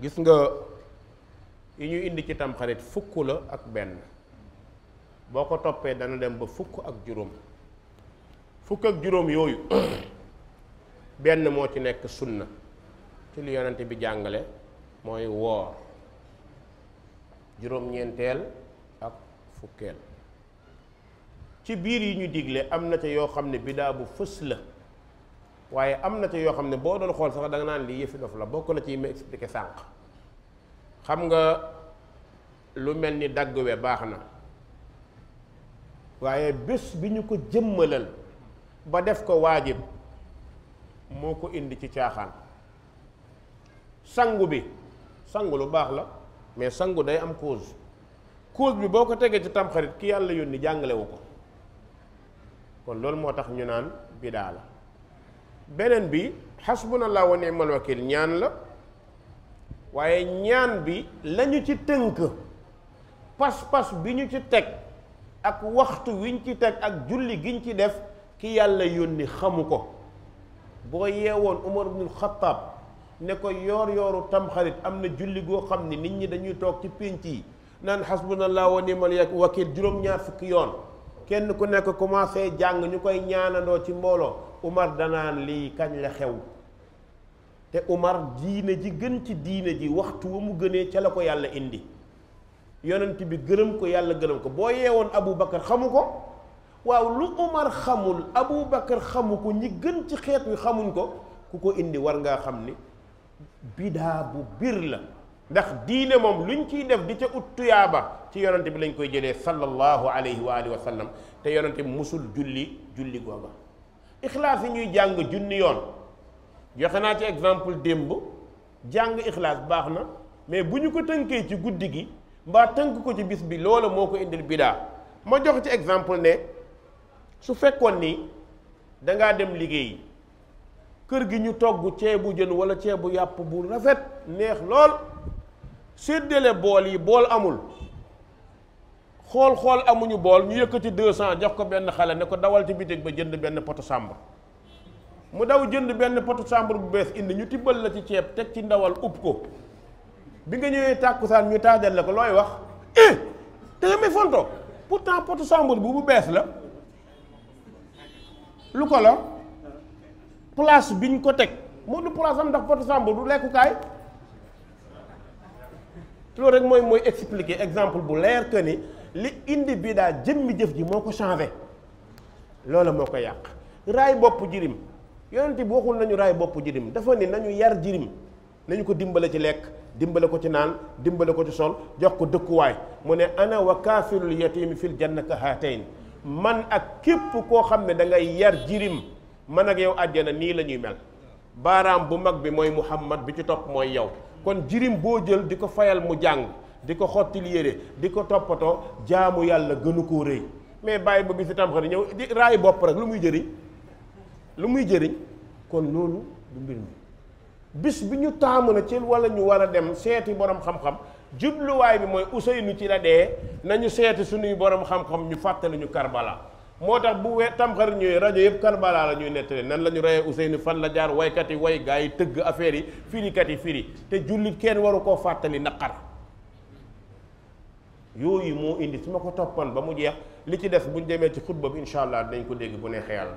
gis nga yi ñu indi ci tamxarit fukk la ak benn boo ko toppee dana dem ba fukk ak juróom fukk ak juróom yooyu benn moo ci nekk sunna ci li yonent bi jàngale mooy woor juróom-ñeenteel ak fukkeel ci biir yi ñu digle am na ca yoo xam ne bidaa bu fës la waaye am na ci yoo xam ne boo doon xool sax danga nga naan lii yëfi dof la bokk na ci ma expliqué sànq xam nga lu mel ni dagguwe baax na waaye bés bi ñu ko jëmmalal ba def ko waajib moo ko indi ci caaxaan sangu bi sangu lu baax la mais sangu day am cause cause bi boo ko tegee ci tamxarit ki yàlla yónni jàngalewu ko kon loolu moo tax ñu naan bidaa la beneen bi xasbunallah wa ni'mal wakil ñaan la waaye ñaan bi lañu ci tënk pas-pas bi ñu ci teg ak waxtu wiñ ci teg ak julli giñ ci def ki yàlla yónni xamu ko boo yeewoon Umar ibnul Xattaab ne ko yoor yooru tamxarit am na julli goo xam ni nit ñi dañuy toog ci pénc yi naan xas xasbunallah wa ni'mal wakil juróom-ñaar fukki yoon kenn ku nekk commencé jàng ñu koy ñaanandoo ci mbooloo Umar danaan lii kañ la xew te Umar diine ji gën ci diine ji waxtu wa mu gënee ca la ko yàlla indi yonent bi gërëm ko yàlla gërëm ko boo yeewoon Abu Bakar xamu ko waaw lu Umar xamul Abu Bakar xamu ko ñi gën ci xeet wi xamuñ ko ku ko indi war ngaa xam ni bidaa bu bir la ndax diine moom luñ ciy def di ca ut tuyaaba ci yonante bi lañ koy jëlee sallallahu alayhi wa alihi wa sallam te yonante bi musul julli julli googa ixlaas yi ñuy jàng junni yoon joxe naa ci exemple démb jàng ixlaas baax na mais bu ñu ko tënkee ci guddi gi mbaa tënk ko ci bis bi loola moo ko indil bidaa ma jox ci exemple ne su fekkoon ni dangaa dem liggéeyi kër gi ñu togg ceebu jën wala ceebu yàpp bu rafet neex lool séddale bool yi bool amul xool-xool amuñu bool ñu yëkkati deux cent jox ko benn xale ne ko dawal ci bitig ba jënd benn potu sàmbar mu daw jënd benn pot sàmbar bu bees indi ñu tibbal la ci ceeb teg ci ndawal upp ko bi nga ñëwee tàkkusaan ñu taajal la ko looy wax eh te nga may fonto pourtant potu sàmbar bu bees la lu ko la place biñ ko teg moo du place am ndax potu sàmbar du lekkukaay loolu rek mooy mooy expliquer exemple bu leer que ni li indi bi daa jëmmi jëf ji Lors le changé loola moo ko pujirim. raay bopp jirim yonent bi waxul nañu raay bopp jirim dafa ni nañu yar jirim nañu ko dimbale ci lekk dimbale ko ci naan dimbale ko ci sol jox ko dëkkuwaay mu ne ana wa kaafilul yatim fil janna ka man ak képp ko xam ne da ngay yar jirim man ak yow àjjana la ni mel Baram bu mag bi mooy muhammad bi ci top mooy yow kon jirim boo jël di ko fayal mu jàng di ko xottil yére di ko toppatoo jaamu yàlla gënu koo rëy mais bàyyi ba bi si tamxarit ñëw di raay bopp rek lu muy jëriñ lu muy jëriñ kon loolu du mbir mi bis bi ñu taamu na ci wala ñu war a dem seeti borom xam-xam jubluwaay bi mooy nu ci la dee nañu seeti suñuy borom xam-xam ñu fàttali ñu Karbala moo tax bu we tamxarit ñëwee rajo yëpp Karbala la ñuy nettali nan la ñu reyee ni fan la jaar waykat yi way gaa yi tëgg affaire yi firikat yi firi te jullit kenn waru koo fàttali naqar yooyu moo indi su ma ko toppoon ba mu jeex li ci des buñ demee ci xutba bi incha allah dinañ ko dégg bu neexee yàlla